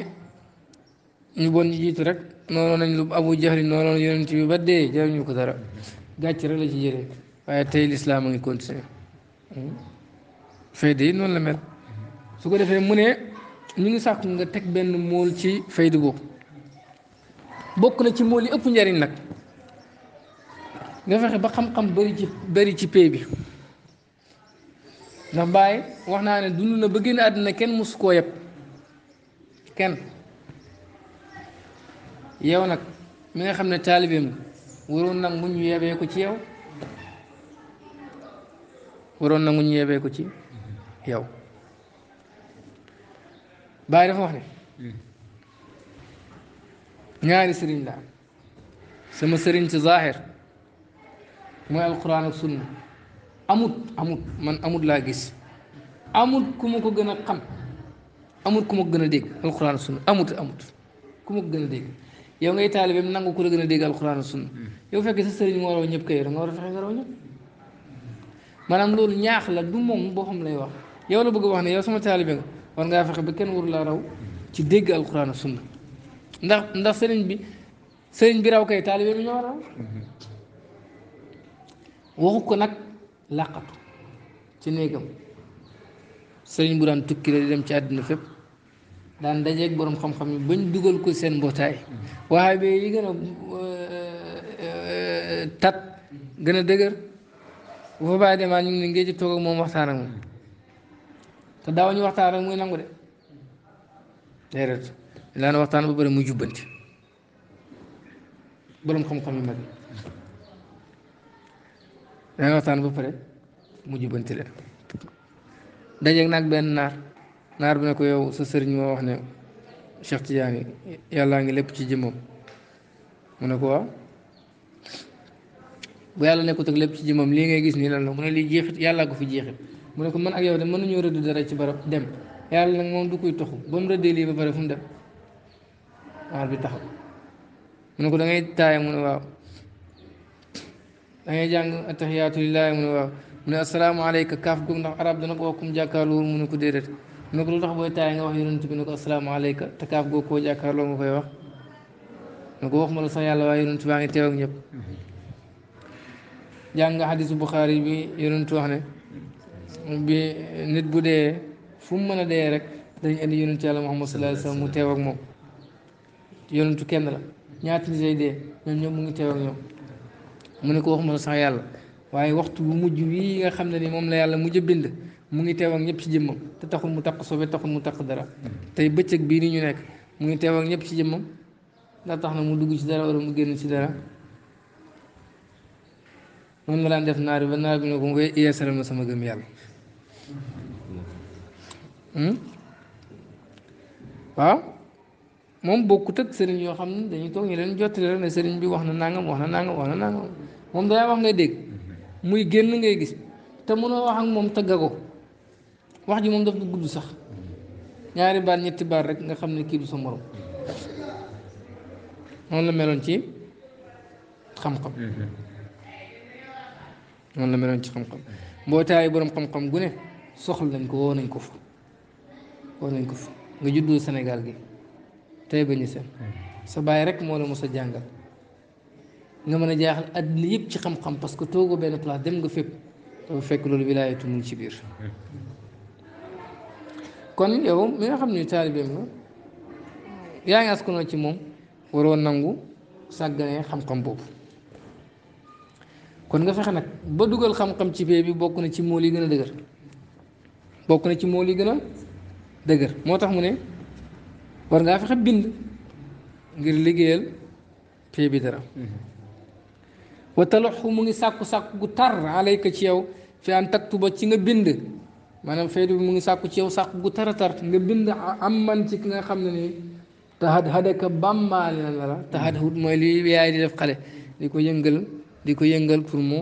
ñu bon ñu jiitu rek noonu nañ lu abu jaxli noonu yonent bi ba dee jëriñu ko dara gàcc rek la ci jëlee waaye tey lislaam a ngi continuer fayda yi noonu la mel su ko defee mu ne ñu ngi sàkku nga teg benn mool ci fayda boobu bokk na ci mool yi ëpp njariñ nag nga fexe ba xam-xam bëri ci bëri ci pay bi ndax Baay wax naa ne dund na ba génn àddina kenn mosu koo yeb kenn yow nag mi nga xam ne taalibeem nga waroon nag mu ñu yebee ko ci yaw waroon nag mu ñu yebee ko ci yow Baay dafa wax ñaari sëriñ la sama sëriñ ci zaahir mooy alquran ak sunna amut amut man amut laa gis amut ku ko gën a xam amut ku ma ko gën a dégg alquran ak sunna amut amut ku ma ko gën a dégg yow ngay taalibeem nangu ku la gën a dégg alxuraan ak sunna mm. yow fekk sa sëriñ moo raw ñëpp kay da nga war a fexe nga raw ñëpp maanaam loolu ñaax la du moom boo xam lay wax yow la bëgg wax ne yow sama taalibe nga war ngaa fexe ba kenn waru laa raw ci dégg alxuraan sunna ndax ndax sëriñ bi sëriñ bi raw kay taalibe bi ñoo raw mm-hmm. waxu ko nag làqatu ci néegam sëriñ bu daan tukki la di dem ci àddina fépp daan dajeeg borom xam-xam bañ dugal ko seen mbootaay waaye ba yi gën euh, tat gën a dëgër bu fa bàyyi ñu ngi ne ngeen moom waxtaan ak moom te daaw ñu waxtaan nangu de déedéet daan waxtaan ba bëri muy jubbanti borom xam-xam yu mag yi daan waxtaan ba pare mu jubbanti leen dajeeg nag benn naar. naar bi ne ko yow sa sëriñ moo wax ne Cheikh Tidiane yàllaa ngi lépp ci jëmmam mu ne ko waaw bu yàlla nekkut ak lépp ci jëmmam lii ngay gis nii lan la mu ne lii jeexit yàlla ko fi jeexit mu ne ko man ak yow de mënuñoo rëdd dara ci barab dem yàlla nag moom du koy toxu ba mu rëddee lii ba pare fu dem naar bi taxaw mu ne ko da ngay taaya mu ne waaw da ngay jàng attaxiyaatu lillaahi mu ne waaw mu ne asalaamaaleyka kaaf googu ndax arab dana ko wax kum nag lu tax booy taay nga wax yonent bi ne ko asalaamaaleyka te kaaf goo koo jàkkaarloo nga koy wax na ko waxuma la sax yàlla waaye yonent baa ngi teew ak ñëpp jàng nga xadisu Buxaari wax ne bi bu dee fu mën a dee rek dañ indi yonent yàlla Muhammad sallallahu alayhi mu teew ak moom kenn la ñaata mu ngi teew ne ko waxuma la sax yàlla waaye waxtu bu mujj wii nga xam ne ni moom la yàlla mujj bind mu ngi teew ak ci jëmmam te taxul mu takk sobe taxul mu takk dara tey bëccëg bii ni ñu nekk mu ngi teew ak ñëpp ci jëmmam ndax tax na mu dugg ci dara wala mu génn ci dara noonu la daan def naar ko mu koy sama gëm yàlla hmm? moom bokkut ak sëriñ yoo xam ne dañuy toog ñu leen jottali rek ne sëriñ bi wax na nangam wax na nangam wax na nangam moom dayaa wax ngay dégg muy génn ngay gis te mënoo wax ak moom tagga ko wax ji moom daf gudd sax ñaari baat ñetti baat rek nga xam ne kii du sa morom noonu la meloon ci xam-xam noonu la meloon ci xam-xam mbootaayu borom xam-xam gu ne soxla nañ ko woo nañ ko fa woo nañ ko fa nga juddoo Sénégal gi tey ba ñu seen sa baay rek moo la mos a jàngal nga mën a jaaxal àddina yëpp ci xam-xam parce que toogoo benn place dem nga fépp dafa fekk loolu wilaayatu mu ngi ci biir kon yow mi nga xam ne taalibeem la yaa ngi askanoo ci moom waroo nangu sàggane xam-xam boobu kon nga fexe nag ba dugal xam-xam ci pay bi bokk na ci mool yi gën dëgër bokk na ci moo yi gën a dëgër moo tax mu ne war ngaa fexe bind ngir liggéeyal pay bi dara wa mu ngi sàkku-sàkku gu tar alayka ci yow fi an taktuba ci nga bind maanaam faydu bi mu ngi sàkku ci yow sàkku gu tara nga bind am man ci ki nga xam ne nii tahad hadaka bàmmaale na la tahad hud mooy li yaay di def xale di ko yëngal di ko yëngal pour mu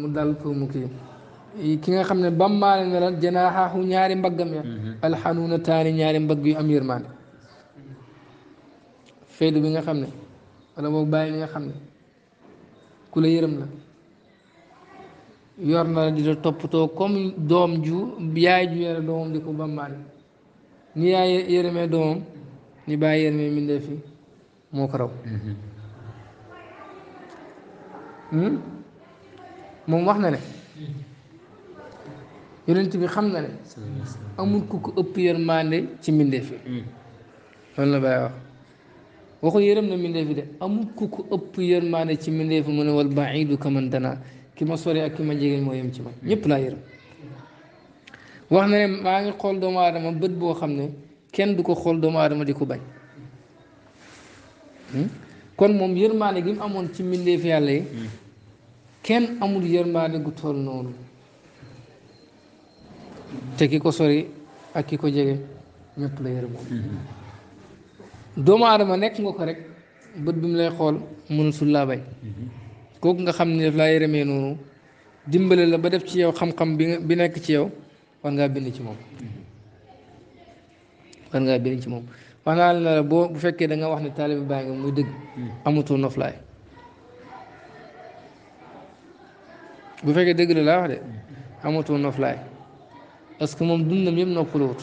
mu dal pour mu kii ki nga xam ne bàmmaale na la janaaxaaxu ñaari mbaggam ya mhm. alxanuuna taani ñaari mbagg yu am yërmaande faydu bi nga xam ne wala boog bàyyi nga xam ne kula la la yor na la di la toppatoo comme doom ju yaay ju yore doomam di ko bambaane ni yaay yërëmee doomam ni bàyyi yërëmee mbindeef fi moo ko raw hmm? moom wax na ne yonent bi xam na ne amul ku ko ëpp yërmande ci mbindeef fi hmm. loolu la bàyyi wax waxu yërëm na mbindeef de amul ku ko ëpp yërmande ci mbindeef fi mu ne wal baidu kamantana ki ma sori ak ki ma jege moo yem ci man ñëpp laa yërëm wax na ne maa ngi xool doomu aadama bët boo xam ne kenn du ko xool doomu aadama di ko bañ hmm? kon moom yërmaane gi amoon ci mbindeef yàlla hmm. kenn amul yërmaane gu toll noonu te ki ko sori ak ko jege ñëpp la yërëmoon hmm. nekk nga ko rek bët bi mu lay xool mënatul laa bañ kooku nga xam ne daf laa yërëmee noonu dimbale la ba def ci yow xam-xam bi bi nekk ci yow war ngaa bind ci moom war ngaa bind ci moom wax naa la ne boo bu fekkee da wax ne taalibe baa ngi muy dëgg amutu noflaay bu fekkee dëgg la laa wax de amutu noflaay parce que moom dundam yëpp noppaluwut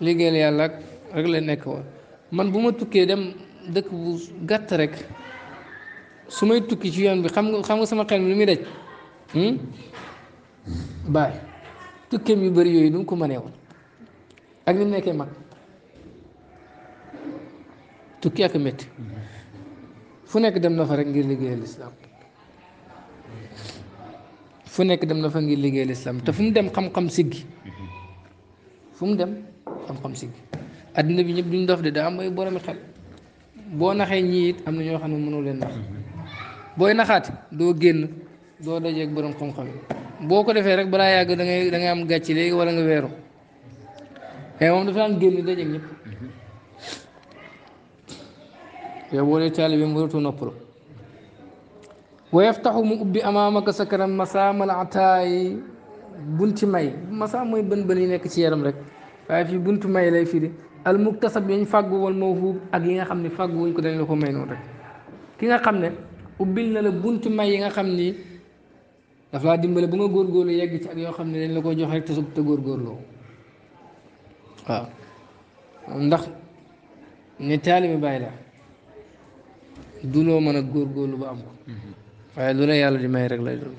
liggéeyal yàlla rek la nekk woon man bu ma tukkee dem dëkk bu gàtt rek su may tukki ci yoon bi xam nga sama xel mi lu muy daj hmm? baay tukkeem yu bari yooyu du ko mënee woon ak ni nekkee mag tukki ak métti fu nekk dem na fa rek ngir liggéeyal islam fu nekk dem na fa ngir liggéeyal islam te fu mu dem xam-xam siggi fu mu dem xam-xam siggi adduna bi ñëpp duñ dof de daa am ay boromi xel boo naxee ñii it am na ñoo xam ne mënul leen nax booy naxaate doo génn doo dajeeg borom xam-xam boo ko defee rek balaa yàgg dangay dangay am gàcce léegi wala nga weeru mais moom dafa daan génn dajeeg ñëpp yow boo dee taalibe mu waratu noppalu wa yaftaxu mu ubbi amaamaka sa kanam masaamal ataay bunti may masaa mooy bën bën yi nekk ci yaram rek waaye fii buntu may lay firi al muktasab yañ fàggu woon mawhuub ak yi nga xam ne fàgg wuñ ko dañ la may noonu rek ki nga xam ne ubbil na la buntu may yi nga xam ni daf laa dimbale bu nga góorgóorlu yegg ci ak yoo xam ne dañ la koy jox rek te sub te góorgóorloo waaw ndax ne taalibi bàyyi la du loo mën a góorgóorlu ba am ko mm-hmm. waaye lu la yàlla di may rek lay doon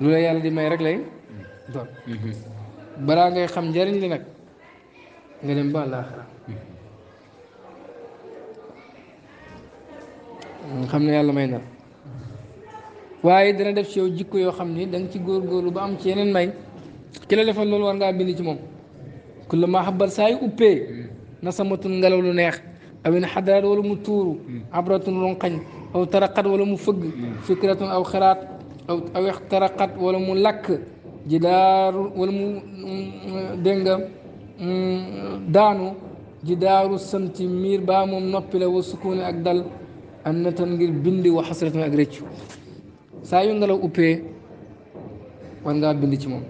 lu la yàlla di may rek lay doon mm-hmm. Mm-hmm. balaa ngay xam njariñ li nag nga dem ba àllaaxira xam ne yàlla may na waaye dina def ci yow jikko yoo xam ni da nga ci góorgóorlu ba am ci yeneen may ki la defal loolu war ngaa bind ci moom ku la maa xabar saa yu uppee na samatun ngelaw lu neex awin xadarat wala mu tuuru abratun ronqañ aw taraqat wala mu fëgg fikratun aw xiraat aw aw taraqat wala mu lakk jidaaru wala mu dégg nga mm, daanu jidaaru samti miir baa moom noppi la wa ak dal am tan ngir bind wa xasratan ak rëccu saa yu ngelaw uppee war ngaa bind ci moom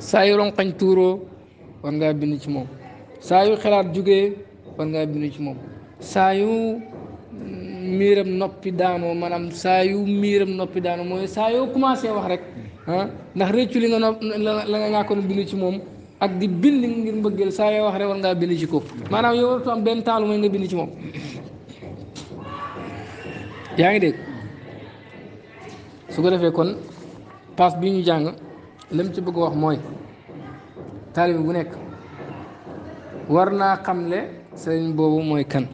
saa yu ronqañ tuuroo war ngaa bind ci moom saa yu xalaat jugee war ngaa bind ci moom saa yu mm, miiram noppi daanoo maanaam saa yu miiram noppi daano mooy saa yoo commencé wax rek ah ndax rëccu li nga nopp la nga ñàkkoon bind ci moom ak di bind ngir mbëggeel saa yoo wax rek war ngaa bind ci ko maanaam yow wartu am benn temps lu may nga bind ci moom yaa ngi dégg su ko defee kon paas bi ñu jàng lam ci bëgg a wax mooy taalibe bu nekk war naa xam xamle sëriñ boobu mooy kan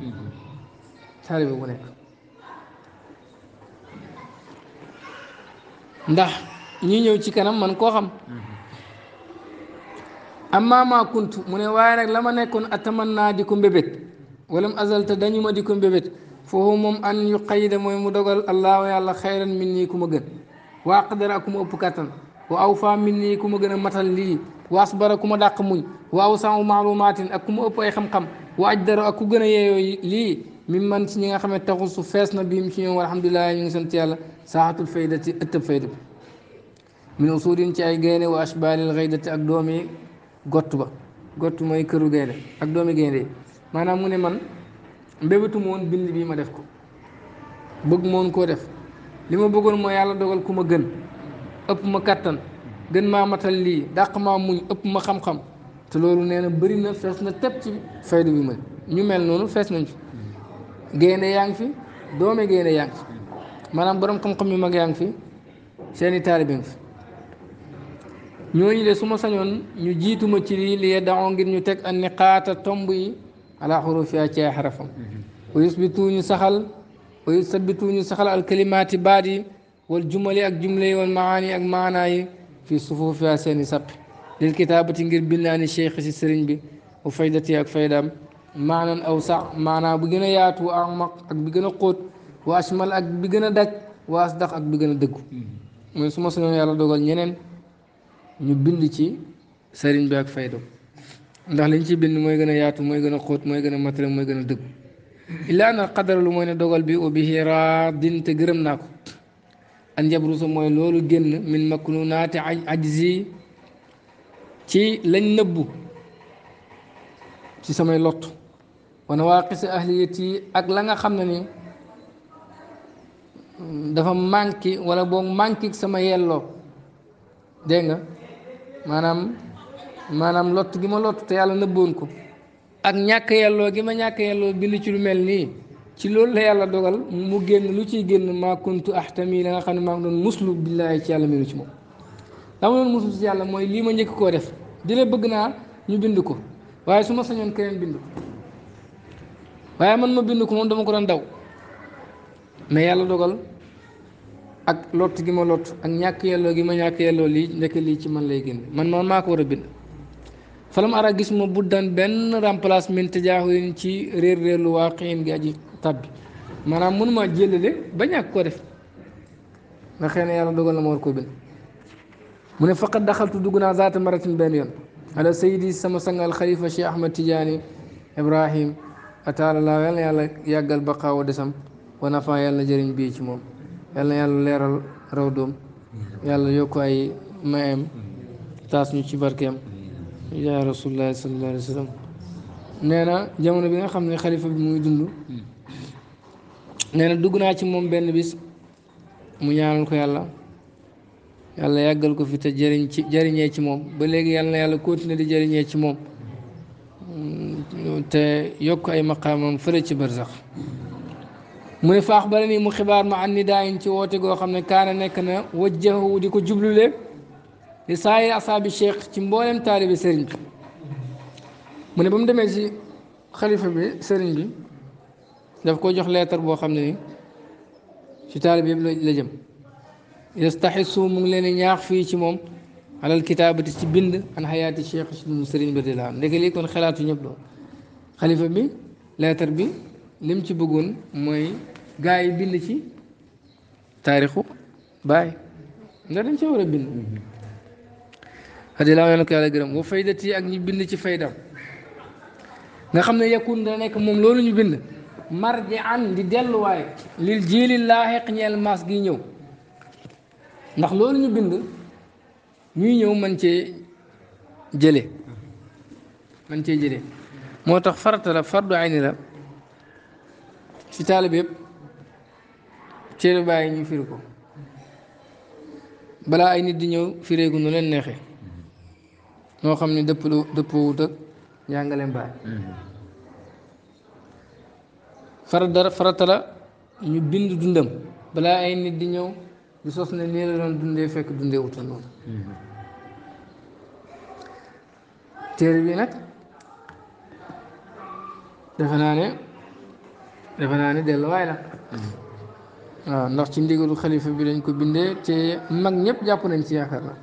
taalibe bu nekk ndax ñi ñëw ci kanam man koo xam amma ma kuntu mu ne waaye nag la ma nekkoon ataman naa di ko mbébét wala mu azalta dañu ma di ko mbébét فهو أن يقيد مي مدغل الله يا الله خيرا مني كما جن وأقدركم أبكاتن وأوفى مني كما جن مثل لي وأصبركم دقمون وأوسع معلومات أكم أبو أخم كم وأجدر أكوجن يي لي ممن سنين أخم تغص فاس نبيم شيئا والحمد لله ينسن تيالا ساعة الفائدة التفائدة من أصول تأي جن وأشبال الغيدة أقدومي غطبة غطبة يكرو جن أقدومي جن مانا موني من mbébétu moon bind bi ma def ko bëgg moon koo def li ma bëggoon mooy yàlla dogal ku ma gën ëpp ma kàttan gën maa matal lii dàq maa muñ ëpp ma xam-xam te loolu nee na bëri na fees na tëb ci faydu bi ma ñu mel noonu fees nañ fi gaynde yaa ngi fi doome gaynde yaa fi maanaam boroom xam-xam yu mag yaa ngi fi seeni taalibe ngi fi ñooñu de su ma sañoon ñu jiituma ci lii li yeddaxoo ngir ñu teg an niqaata tomb yi ala xurufiha ci ay xarafam wa yusbitu ñu saxal wa yusabitu ñu saxal alkalimaati baat yi wal jumali ak jumle yi wal maani ak maanaa yi fii sufufiha seeni sappi lil kitaabati ngir bindaani cheikh si sëriñ bi wa faydati ak faydaam maanan aw sax maanaa bu gën a yaatu amaq ak bi gën a xóot wa ashmal ak bi gën a daj wa asdaq ak bi gën a dëggu mooy su ma sonoon yàlla dogal ñeneen ñu bind ci sëriñ bi ak faydam ndax liñ ci bind mooy gën a yaatu mooy gën a xóot mooy gën a matale mooy gën a dëgg illaa na xadaralu mooy ne dogal bi ubihi raadin gërëm naa ko an jabrusa mooy loolu génn min maknunaati ajzi ci lañ nëbbu ci samay lott wana waa qisa ahliyat yi ak la nga xam ne ni dafa manqué wala boog manqué sama yelloo dégg nga maanaam maanaam lott gi ma lott te yàlla nëbboon ko ak ñàkk yàlloo gi ma ñàkk yelloo bi ci lu mel nii ci loolu la yàlla dogal mu génn lu ciy génn maa kuntu ahtami la nga xam ne maa ngi doon muslu billaahi ci yàlla minu ci moom dama doon muslu ci yàlla mooy lii ma njëkk koo def di la bëgg naa ñu bind ko waaye su ma sañoon keneen bind ko waaye man ma bind ko moom dama ko doon daw mais yàlla dogal ak lott gi ma lott ak ñàkk yelloo gi ma ñàkk yelloo lii ndekk lii ci man lay génn man man maa ko a bind falam ara gis ma buddan benn remplacement tajaaxuyin ci réer réer lu waaqiin gi aji tabbi maanaam mënuma jëlale ba ñàkk ko def nga xëy na yàlla dogal na ma war koo bind mu ne faqat daxaltu dugg naa zaata maratin benn yoon ala sayidi sama sangal xalifa Cheikh Ahmad Tidiane Ibrahim ataala yàlla yàggal baqaawa desam wa nafa yàlla jëriñ bii ci moom yal na yàlla leeral raw doom yàlla yokk ay mayam taas ñu ci barkeem yaa rasulullahi sallallahu alayhi wa jamono bi nga xam ne xalifa bi muy dund nee dugg naa ci moom benn bis mu ñaanal ko yàlla yàlla yàggal ko fi te jëriñ ci jëriñee ci moom ba léegi yàlla na yàlla continuer di jëriñee ci moom te yokk ay maqaamam fële ci barzax mu ne faax bare nii mu xibaar ma an daa daayin ci woote goo xam ne kaana nekk na wajjahu di ko jublule li saayir asaabi cheikh ci mboolem taalibi sëriñ bi mu ne ba demee ci xalifa bi sëriñ bi daf ko jox leetar boo xam ne ni ci taalib yëpp la jëm yastaxisu mu ngi leen di ñaax fii ci moom alal kitaabati ci bind an xayaati cheikh si dund sëriñ bi radiyallaahu ndeke lii kon xalaatu ñëpp loolu xalifa bi leetar bi lim ci bëggoon mooy gaa yi bind ci taarixu baay ndax dañ ci war bind adilaaw yàlla ko yàlla gërëm wa faydati ak ñu bind ci faydam nga xam ne yakun dana nekk moom loolu ñu bind marji an delluwaay lil maas gi ñëw ndax loolu ñu bind ñuy ñëw man cee jële man cee jële moo tax farata la fardu ayni la ci taalib yëpp cere bàyyi ñu firi ko balaa ay nit di ñëw fireegu nu leen neexee moo xam ne dëpp lu dëppoo wut ak njàngaleem baay farata ñu bind dundam balaa ay nit di ñëw di sos ne nii la doon dundee fekk dundee wuta noonu téere bi nag defe naa ne defe naa ne delluwaay la mm-hmm. waaw ndax ci ndigalu xalifa bi lañ ko bindee te mag ñëpp jàpp nañ ci yaakaar la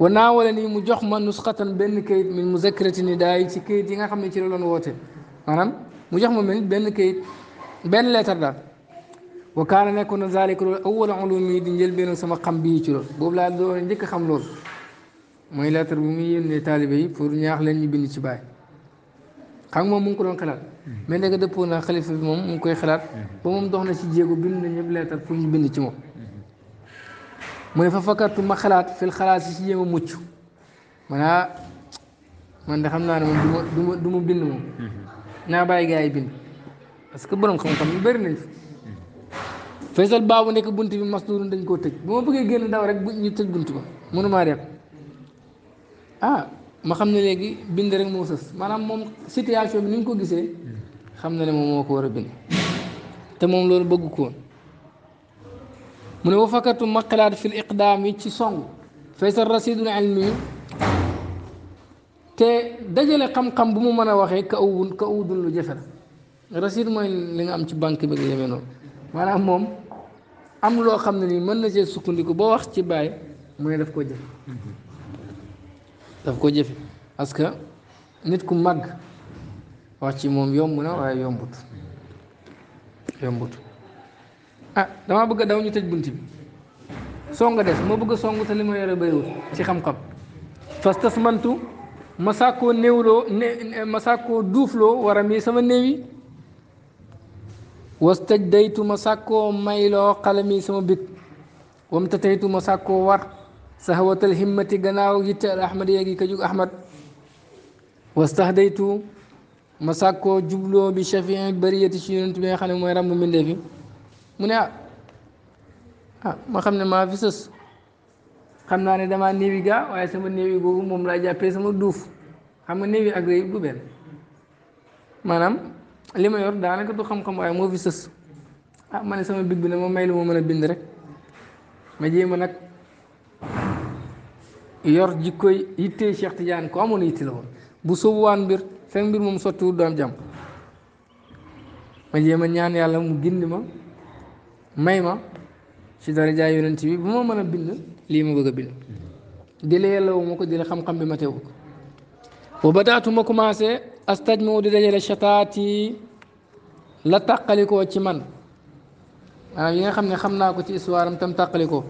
وناول ني مو جخ ما نسخه بن كيت من مذكره النداء تي كيت ييغا خامي تي لون ووتيل مانام مو جخ ما من بن كيت بن ليتر دا وكان نكون ذلك اول علومي دي نجل بن سما خام بي تي لون بوب لا دو نديك خام لون موي ليتر بو مي يوني طالب يي فور نياخ لين ني بن سي باي خام مو مونكو دون خلال مي نغا ديبونا خليفه بي موم مونكوي خلال بو موم دوخنا من ففكرت ما خلات في الخلاص هي من مچو منا من دخل نار من دم دم دم بين مو نا باي جاي بين بس كبرم خم خم بيرني فيصل باب ونك بنتي في مسدود عندك كوتك مو بقي جن دا ورك بنتك بنتك من ما ريح آه ما خم نلاقي بين درج موسس أنا مم سيتي عشان نيمكو جيسي خم نلاقي مم كوره بين تمام لور بقو كون من وفقة مقلار في الإقدام يتشي صن فيصل الرصيد العلمي تي دجل قم قم بمو منا وخي كأوون كأود الجفر رصيد ما لنا أمتش بانك بغي يمينو وانا أمم أم لو خم نلي من نجي سكون لكو بو وقت باي مني دف كو جف أسكا نت كو مغ وقت موم يوم منا ويوم بوت يوم بوت ah damaa bëgg a daw ñu tëj bunt bi song des ma bëgg a song te li ma yore bëriwul ci xam-xam fas tas mantu ma sàkkoo néewloo duufloo war sama néew was tëj daytu ma sàkkoo mayloo xalami sama bit wam ta taytu ma sàkkoo war saxawatal himmati gannaaw yitte al ahmad yeegi ka ahmad was tax daytu ma jubloo bi chafii bariyati ci yonent bi nga mooy ràmm mbindee mu ne ah ma xam ne maa fi xam naa ne dama néewi gaa waaye sama néewi googu moom laa jàppee sama duuf xam nga néewi ak réew du benn maanaam li ma yor daanaka du xam-xam waaye moo fi sës ah ma ne sama big bi ne ma may lu ma mën a bind rek ma jéem ma nag yor jikkoy yittee Cheikh Tidiane ko amoon yitte la woon bu soobu waan mbir seen mbir moom sottiwul doon jàmm ma jéem a ñaan yàlla mu gind ma may ma ci darajaay yonent bi bu ma mën a bind lii ma bëgg a bind dile yàllawu ma ko dile xam-xam bi ma teewu ko badaatu ma commencé astaj moo di dajale chataat yi la tàqalikoo ci man maanaam ah, yi nga xam ne xam naa ko ci histoire am tam tàqalikoo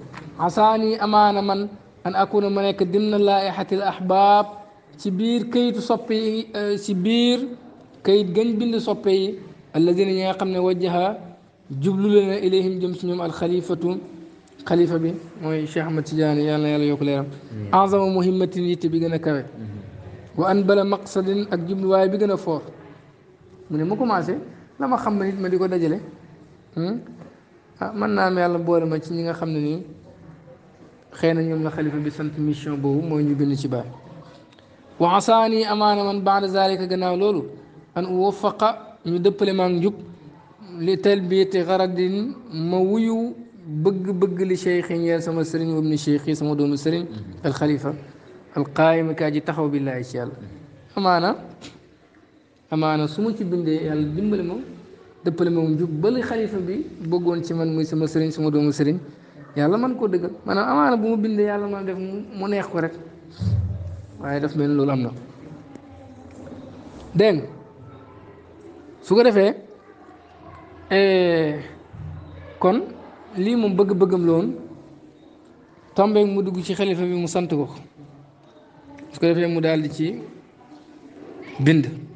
asaani amaana man an akuna ma nekk dimna laaixatil ahbaab ci biir kayitu soppe yi eh, ci biir kayit gañ bind soppe yi alladina ñi nga xam ne wajjaha جبلوا لنا إليهم جمسنهم الخليفة خليفة بي موي شيخ أحمد تجاني يالا يالا يوكلي رب أعظم مهمة نيتي بيغنا كوي وأن بلا مقصد أجبل واي بيغنا فور من مكو ماسي لما خمم نيت مليكو دجلي من نام يالا بوري ما تنينغا خمم ني خينا نيوم لخليفة بي سنت ميشن بو موي نيو بني تبا وعصاني أمان من بعد ذلك غناو لولو أن أوفق ñu dëppale maa لتلبيه غرض مويو بق بق لشيخ يا سما سرين وابن شيخي سما دوم سرين الخليفه القائم كاجي تخو بالله ان شاء الله امانه امانه سمو تي بنده يال ديمبل مو دبل مو نجو بل خليفه بي بوغون سي من موي سرين سما دوم سرين يالا من كو دغ مانا امانه بومو بنده يالا ما ديف مو نيه كو رك واي داف دين سوغ Eh, kon lii moom bëgg-bëggam la woon tombeek mu dugg ci xalifa bi mu sant ko su ko defee mu daal di ci bind